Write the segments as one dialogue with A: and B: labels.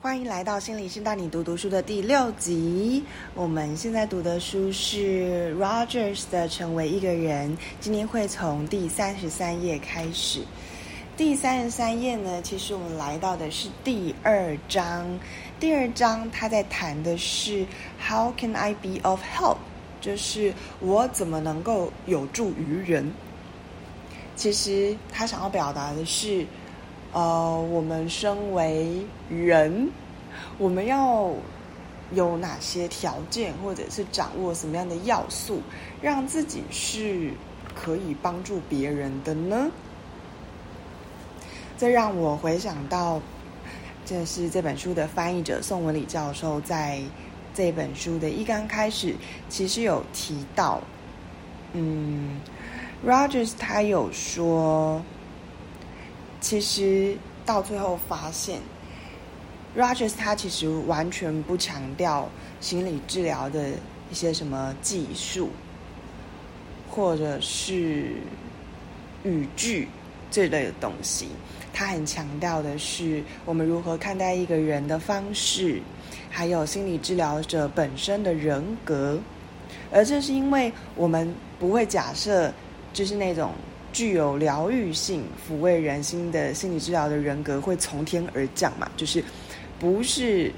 A: 歡迎來到心理師帶你讀讀書的第六集。我們現在讀的書是 Rogers 的《成為一個人》，今天會從第三十三頁開始。第三十三頁呢，其實我們來到的是第二章。第二章他在談的是 How can I be of help？就是我怎麼能夠有助於人？其實他想要表達的是。呃、uh，我們身為人，我們要有哪些條件，或者是掌握什麼樣的要素，讓自己是可以幫助別人的呢？這讓我回想到，這是這本書的翻譯者宋文里教授在這本書的一剛開始，其實有提到，嗯，Rogers 他有說。其實到最後發現，Rogers 他其實完全不強調心理治療的一些什麼技術，或者是語句這類的東西。他很強調的是我們如何看待一個人的方式，還有心理治療者本身的人格。而這是因為我們不會假設，就是那種。具有療癒性、撫慰人心的心理治療的人格會從天而降嘛？就是，不是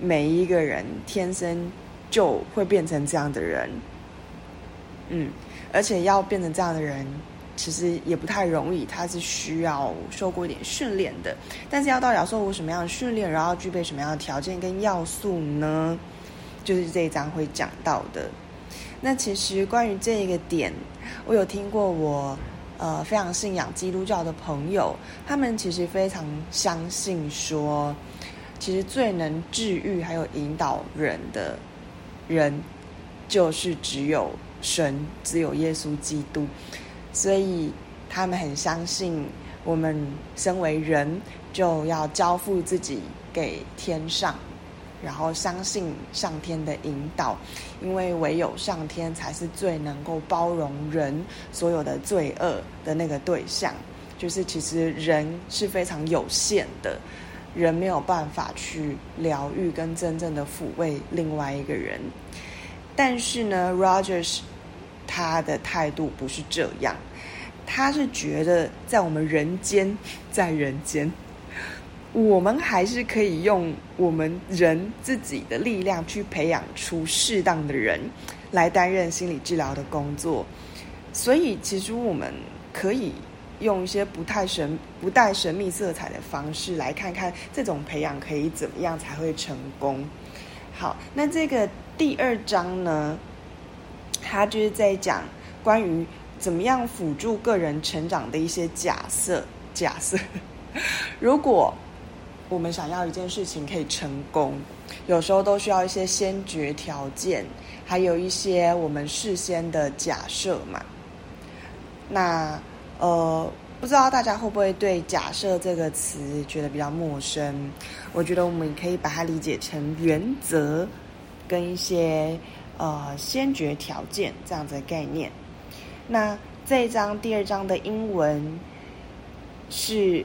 A: 每一個人天生就會變成這樣的人。嗯，而且要變成這樣的人，其實也不太容易。他是需要受過一點訓練的。但是要到底要受過什麼樣的訓練，然後要具備什麼樣的條件跟要素呢？就是這一章會講到的。那其實關於這一個點，我有聽過我。呃，非常信仰基督教的朋友，他們其實非常相信說，其實最能治癒還有引導人的人，人就是只有神，只有耶穌基督，所以他們很相信，我們身為人就要交付自己給天上。然後相信上天的引導，因為唯有上天才是最能夠包容人所有的罪惡的那個對象。就是其實人是非常有限的，人沒有辦法去療癒跟真正的撫慰另外一個人。但是呢，Rogers 他的態度不是這樣，他是覺得在我們人間，在人間。我們還是可以用我們人自己的力量去培養出適當的人來擔任心理治療的工作，所以其實我們可以用一些不太神，不帶神秘色彩的方式來看看這種培養可以怎麼樣才會成功。好，那這個第二章呢，它就是在講關於怎麼樣輔助個人成長的一些假設。假設如果。我們想要一件事情可以成功，有時候都需要一些先決條件，還有一些我們事先的假設嘛。那呃，不知道大家會不會對“假設”這個詞覺得比較陌生？我覺得我們也可以把它理解成原則跟一些呃先決條件這樣子的概念。那這一章第二章的英文是。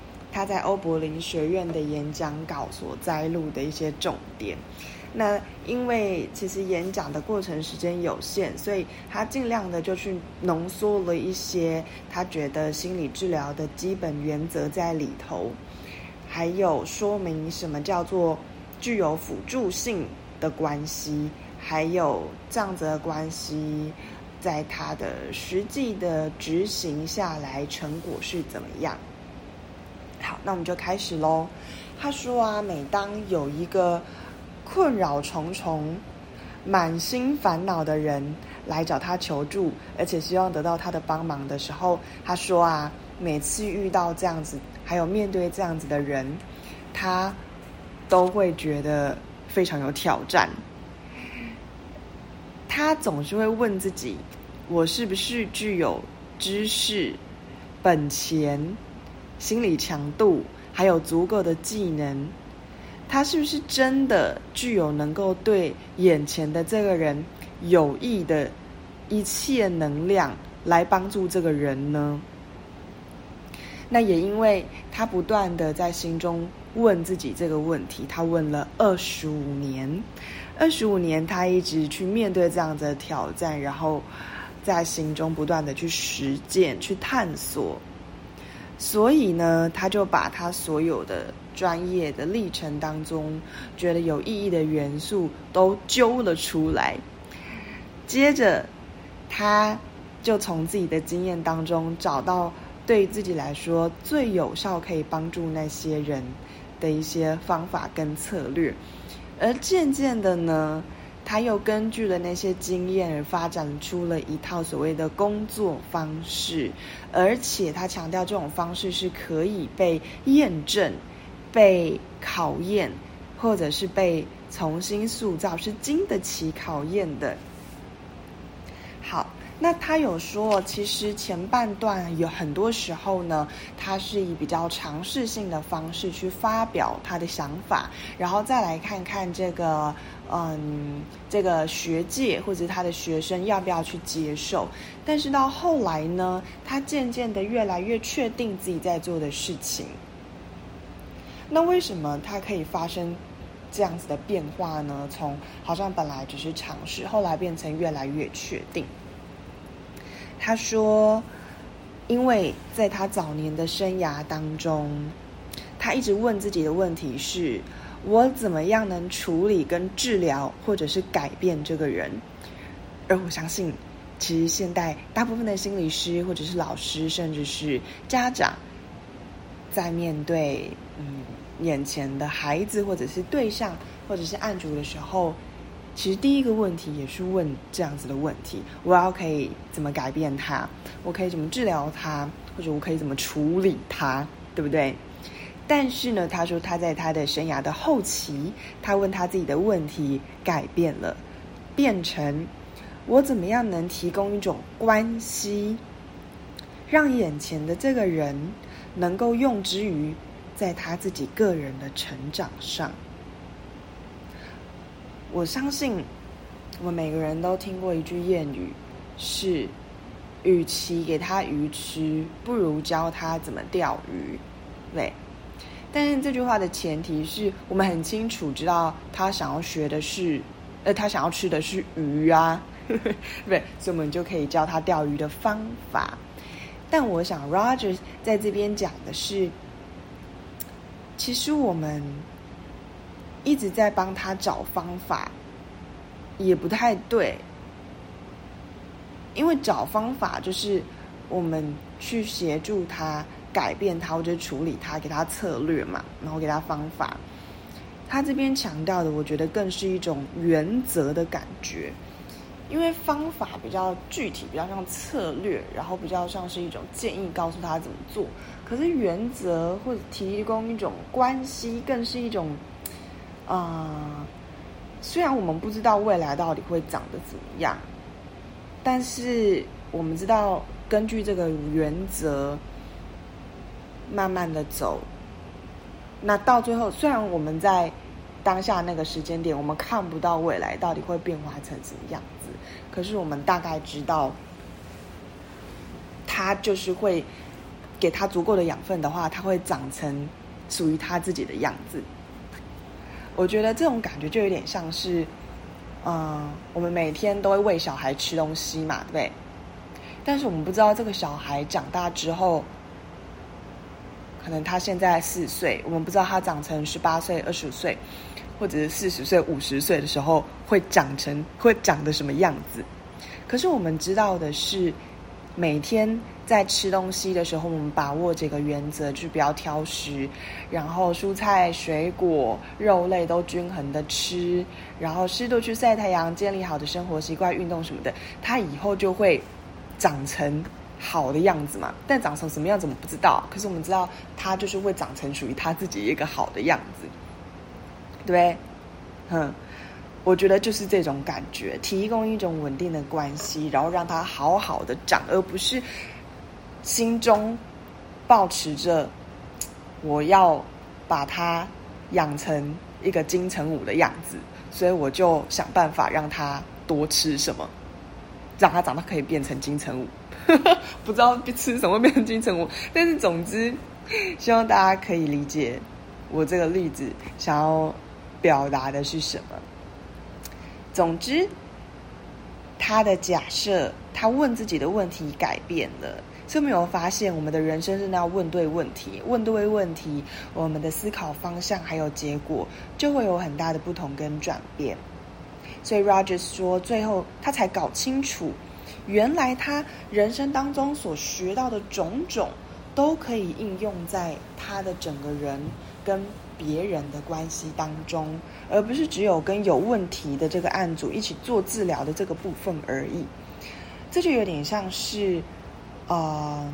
A: 他在歐柏林學院的演講稿所摘錄的一些重點。那因為其實演講的過程時間有限，所以他盡量的就去濃縮了一些他覺得心理治療的基本原則在裡頭，還有說明什麼叫做具有輔助性的關係，還有這樣子的關係，在他的實際的執行下來成果是怎麼樣。好，那我們就開始嘍。他說啊，每當有一個困擾重重、滿心煩惱的人來找他求助，而且希望得到他的幫忙的時候，他說啊，每次遇到這樣子，還有面對這樣子的人，他都會覺得非常有挑戰。他總是會問自己：我是不是具有知識本錢？心理強度，還有足夠的技能，他是不是真的具有能夠對眼前的這個人有益的一切能量來幫助這個人呢？那也因為他不斷的在心中問自己這個問題，他問了二十五年，二十五年他一直去面對這樣的挑戰，然後在心中不斷的去實踐、去探索。所以呢，他就把他所有的專業的歷程當中覺得有意義的元素都揪了出來，接着，他就從自己的經驗當中找到對自己來說最有效可以幫助那些人的一些方法跟策略，而漸漸的呢。他又根據了那些經驗而發展出了一套所謂的工作方式，而且他強調這種方式是可以被驗證、被考驗，或者是被重新塑造，是經得起考驗的。好。那他有說，其實前半段有很多時候呢，他是以比較嘗試性的方式去發表他的想法，然後再來看看這個，嗯，這個學界或者他的學生要不要去接受。但是到後來呢，他漸漸的越來越確定自己在做的事情。那為什麼他可以發生這樣子的變化呢？從好像本來只是嘗試，後來變成越來越確定。他說：“因為在他早年的生涯當中，他一直問自己的問題是：我怎麼樣能處理、跟治療或者是改變這個人？而我相信，其實現代大部分的心理師，或者是老師，甚至是家長，在面對嗯眼前的孩子，或者是對象，或者是案主的時候。”其實第一個問題也是問這樣子的問題，我要可以怎麼改變他，我可以怎麼治療他，或者我可以怎麼處理他，對不對？但是呢，他說他在他的生涯的後期，他問他自己的問題改變了，變成我怎麼樣能提供一種關係，讓眼前的這個人能夠用之於在他自己個人的成長上。我相信，我們每個人都聽過一句諺語，是，與其給他魚吃，不如教他怎麼釣魚。對。但是這句話的前提是我們很清楚知道他想要學的是，呃，他想要吃的是魚啊，呵呵，對，所以，我們就可以教他釣魚的方法。但我想，Rogers 在這邊講的是，其實我們。一直在幫他找方法，也不太對，因為找方法就是我們去協助他改變他或者處理他，給他策略嘛，然後給他方法。他這邊強調的，我覺得更是一種原則的感覺，因為方法比較具體，比較像策略，然後比較像是一種建議，告訴他怎麼做。可是原則或者提供一種關係，更是一種。啊、嗯，雖然我們不知道未來到底會長得怎麼樣，但是我們知道根據這個原則，慢慢的走，那到最後，雖然我們在當下那個時間點，我們看不到未來到底會變化成什麼樣子，可是我們大概知道，它就是會給它足夠的養分的話，它會長成屬於它自己的樣子。我覺得這種感覺就有點像是，嗯，我們每天都會餵小孩吃東西嘛，對不對？但是我們不知道這個小孩長大之後，可能他現在四歲，我們不知道他長成十八歲、二十歲，或者是四十歲、五十歲的時候會長成會長得什麼樣子。可是我們知道的是，每天在吃東西的時候，我們把握這個原則，就是不要挑食，然後蔬菜、水果、肉類都均衡的吃，然後適度去曬太陽，建立好的生活習慣，運動什麼的，他以後就會長成好的樣子嘛。但長成什麼樣子，我們不知道啊。可是我們知道，他就是會長成屬於他自己一個好的樣子，對不對？嗯。我覺得就是這種感覺，提供一種穩定的關係，然後讓它好好的長，而不是心中抱持著我要把它養成一個金城武的樣子，所以我就想辦法讓它多吃什麼，讓它長大可以變成金城武， 不知道吃什麼會變成金城武。但是總之，希望大家可以理解我這個例子想要表達的是什麼。總之，他的假設，他問自己的問題改變了，所以沒有發現，我們的人生真的要問對問題，問對問題，我們的思考方向還有結果，就會有很大的不同跟轉變。所以，Rogers 說，最後他才搞清楚，原來他人生當中所學到的種種，都可以應用在他的整個人。跟別人的關係當中，而不是只有跟有問題的這個案主一起做治療的這個部分而已。這就有點像是，呃，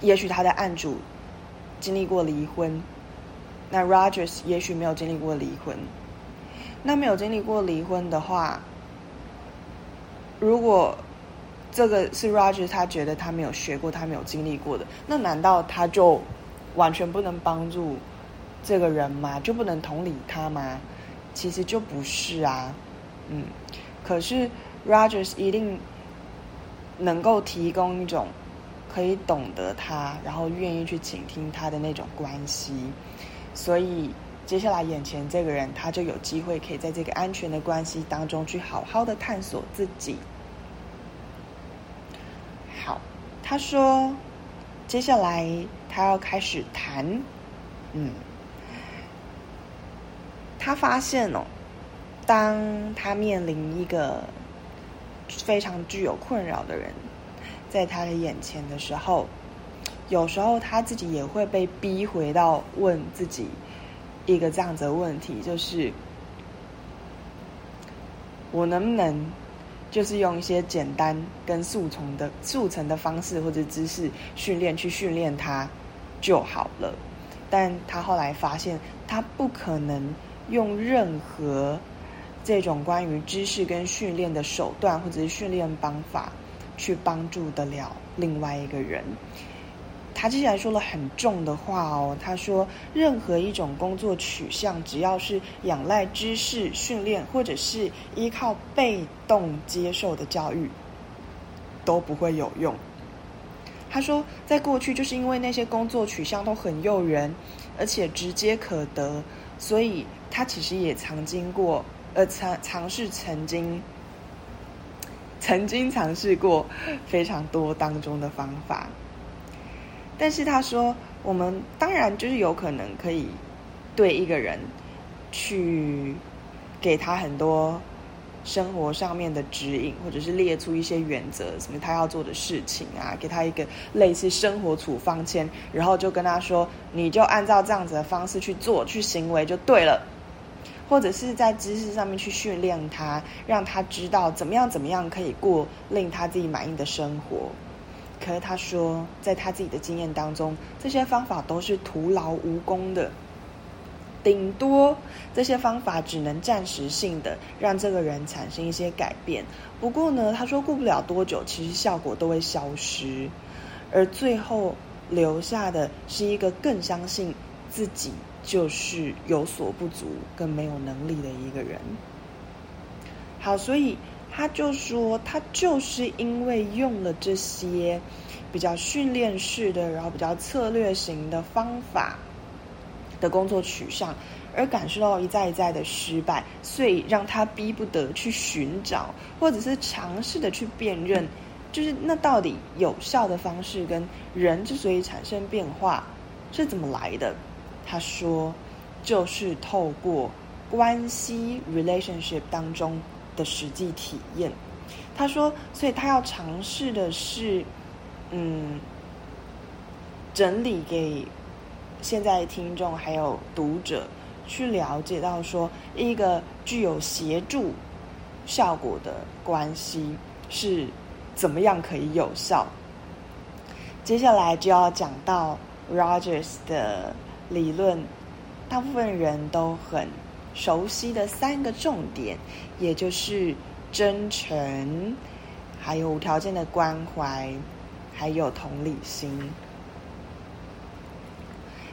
A: 也許他的案主經歷過離婚，那 Rogers 也許沒有經歷過離婚。那沒有經歷過離婚的話，如果這個是 Rogers，他覺得他沒有學過，他沒有經歷過的，那難道他就？完全不能幫助這個人嗎？就不能同理他嗎？其實就不是啊，嗯。可是 Rogers 一定能夠提供一種可以懂得他，然後願意去傾聽他的那種關係。所以接下來眼前這個人，他就有機會可以在這個安全的關係當中去好好的探索自己。好，他說。接下來，他要開始談。嗯，他發現哦，當他面臨一個非常具有困擾的人，在他的眼前的時候，有時候他自己也會被逼回到問自己一個這樣子的問題，就是我能不能？就是用一些簡單跟速成的速成的方式或者知識訓練去訓練他就好了，但他後來發現他不可能用任何這種關於知識跟訓練的手段或者是訓練方法去幫助得了另外一個人。他接下來說了很重的話哦。他說：“任何一種工作取向，只要是仰賴知識訓練，或者是依靠被動接受的教育，都不會有用。”他說：“在過去，就是因為那些工作取向都很誘人，而且直接可得，所以他其實也曾經過，呃，嘗嘗試曾經，曾經嘗試過非常多當中的方法。”但是他說，我們當然就是有可能可以對一個人去給他很多生活上面的指引，或者是列出一些原則，什麼他要做的事情啊，給他一個類似生活處方箋，然後就跟他說，你就按照這樣子的方式去做，去行為就對了，或者是在知識上面去訓練他，讓他知道怎麼樣怎麼樣可以過令他自己滿意的生活。可是他說，在他自己的經驗當中，這些方法都是徒勞無功的，頂多這些方法只能暫時性的讓這個人產生一些改變。不過呢，他說，過不了多久，其實效果都會消失，而最後留下的是一個更相信自己就是有所不足、更沒有能力的一個人。好，所以。他就說，他就是因為用了這些比較訓練式的，然後比較策略型的方法的工作取向，而感受到一再一再的失敗，所以讓他逼不得去尋找，或者是嘗試的去辨認，就是那到底有效的方式跟人之所以產生變化是怎麼來的？他說，就是透過關係 relationship 當中。的實際體驗，他說，所以他要嘗試的是，嗯，整理給現在聽眾還有讀者去了解到，說一個具有協助效果的關係是怎麼樣可以有效。接下來就要講到 Rogers 的理論，大部分人都很熟悉的三個重點，也就是真誠，還有無條件的關懷，還有同理心。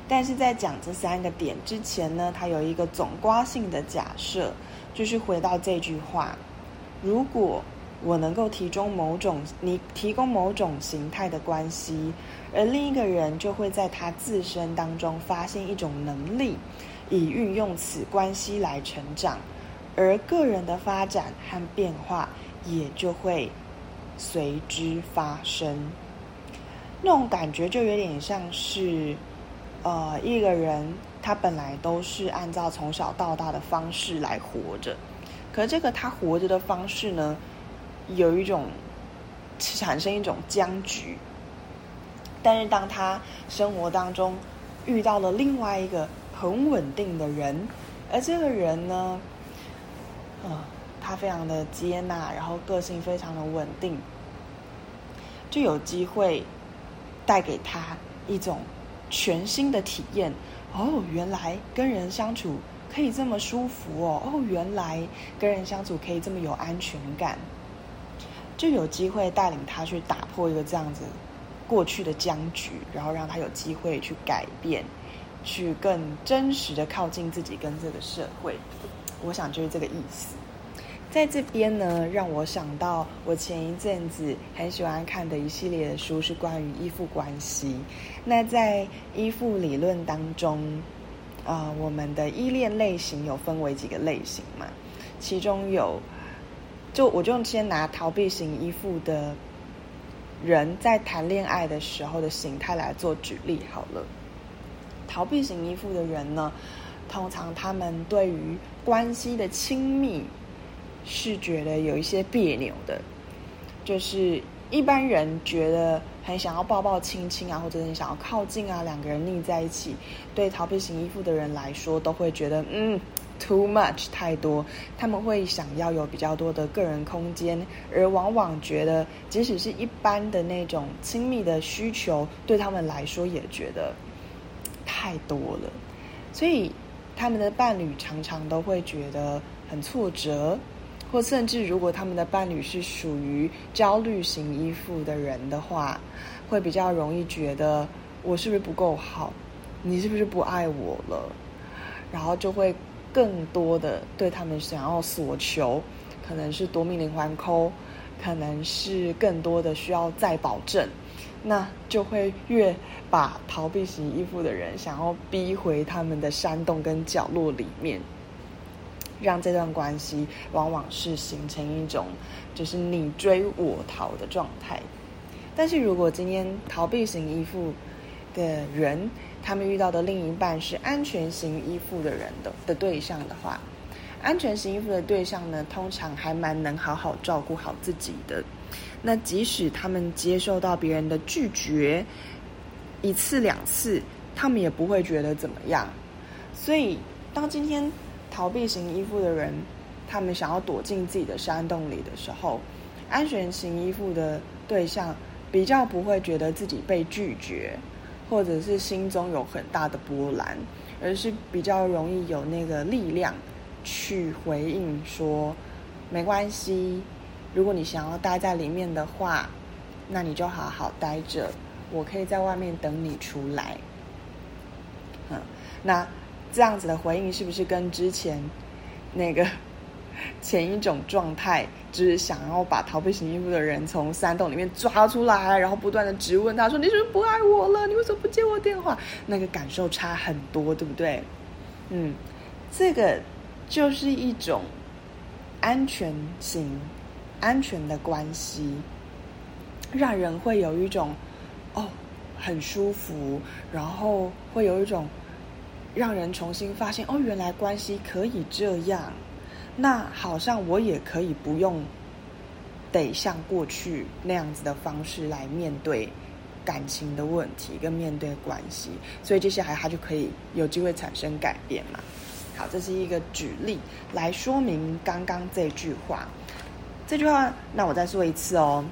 A: 但是在講這三個點之前呢，他有一個總括性的假設，就是回到這句話：如果我能夠提供某種，你提供某種形態的關係，而另一個人就會在他自身當中發現一種能力，以運用此關係來成長，而個人的發展和變化也就會隨之發生。那種感覺就有點像是，呃，一個人他本來都是按照從小到大的方式來活着，可這個他活着的方式呢，有一種產生一種僵局。但是當他生活當中遇到了另外一個。很穩定的人，而這個人呢，嗯、呃，他非常的接納，然後個性非常的穩定，就有機會帶給他一種全新的體驗。哦，原來跟人相處可以這麼舒服哦，哦，原來跟人相處可以這麼有安全感，就有機會帶領他去打破一個這樣子過去的僵局，然後讓他有機會去改變。去更真實的靠近自己跟這個社會，我想就是這個意思。在這邊呢，讓我想到我前一陣子很喜歡看的一系列的書，是關於依附關係。那在依附理論當中，啊，我們的依戀類型有分為幾個類型嘛？其中有，就我就先拿逃避型依附的人在談戀愛的時候的形態來做舉例好了。逃避型依附的人呢，通常他們對於關係的親密是覺得有一些彆扭的。就是一般人覺得很想要抱抱親親啊，或者很想要靠近啊，兩個人膩在一起，對逃避型依附的人來說都會覺得嗯，too much 太多。他們會想要有比較多的個人空間，而往往覺得即使是一般的那種親密的需求，對他們來說也覺得。太多了，所以他們的伴侶常常都會覺得很挫折，或甚至如果他們的伴侶是屬於焦慮型依附的人的話，會比較容易覺得我是不是不夠好，你是不是不愛我了，然後就會更多的對他們想要索求，可能是奪命連環扣，可能是更多的需要再保證。那就會越把逃避型依附的人想要逼回他們的山洞跟角落裡面，讓這段關係往往是形成一種就是你追我逃的狀態。但是如果今天逃避型依附的人，他們遇到的另一半是安全型依附的人的的對象的話，安全型依附的對象呢，通常還蠻能好好照顧好自己的。那即使他們接受到別人的拒絕一次兩次，他們也不會覺得怎麼樣。所以，當今天逃避型依附的人，他們想要躲進自己的山洞裡的時候，安全型依附的對象比較不會覺得自己被拒絕，或者是心中有很大的波瀾，而是比較容易有那個力量去回應說：“沒關係。”如果你想要待在裡面的話，那你就好好待着，我可以在外面等你出來。嗯，那這樣子的回應是不是跟之前那個前一種狀態，就是想要把逃避型依附的人從山洞裡面抓出來，然後不斷的質問他說：“你是不是不愛我了？你為什麼不接我電話？”那個感受差很多，對不對？嗯，這個就是一種安全型。安全的關係，讓人會有一種哦很舒服，然後會有一種讓人重新發現哦，原來關係可以這樣。那好像我也可以不用得像過去那樣子的方式來面對感情的問題跟面對關係，所以接下來他就可以有機會產生改變嘛。好，這是一個舉例來說明剛剛這句話。這句話，那我再說一次哦。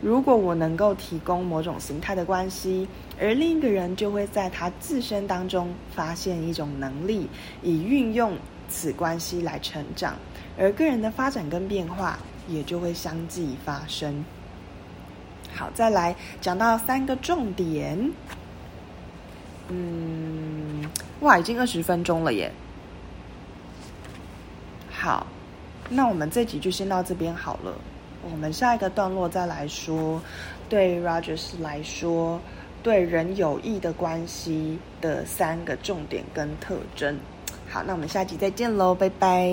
A: 如果我能夠提供某種形態的關係，而另一個人就會在他自身當中發現一種能力，以運用此關係來成長，而個人的發展跟變化也就會相繼發生。好，再來講到三個重點。嗯，哇，已經二十分鐘了耶。好。那我們這集就先到這邊好了，我們下一個段落再來說，對 Rogers 來說，對人有益的關係的三個重點跟特徵。好，那我們下集再見囉，拜拜。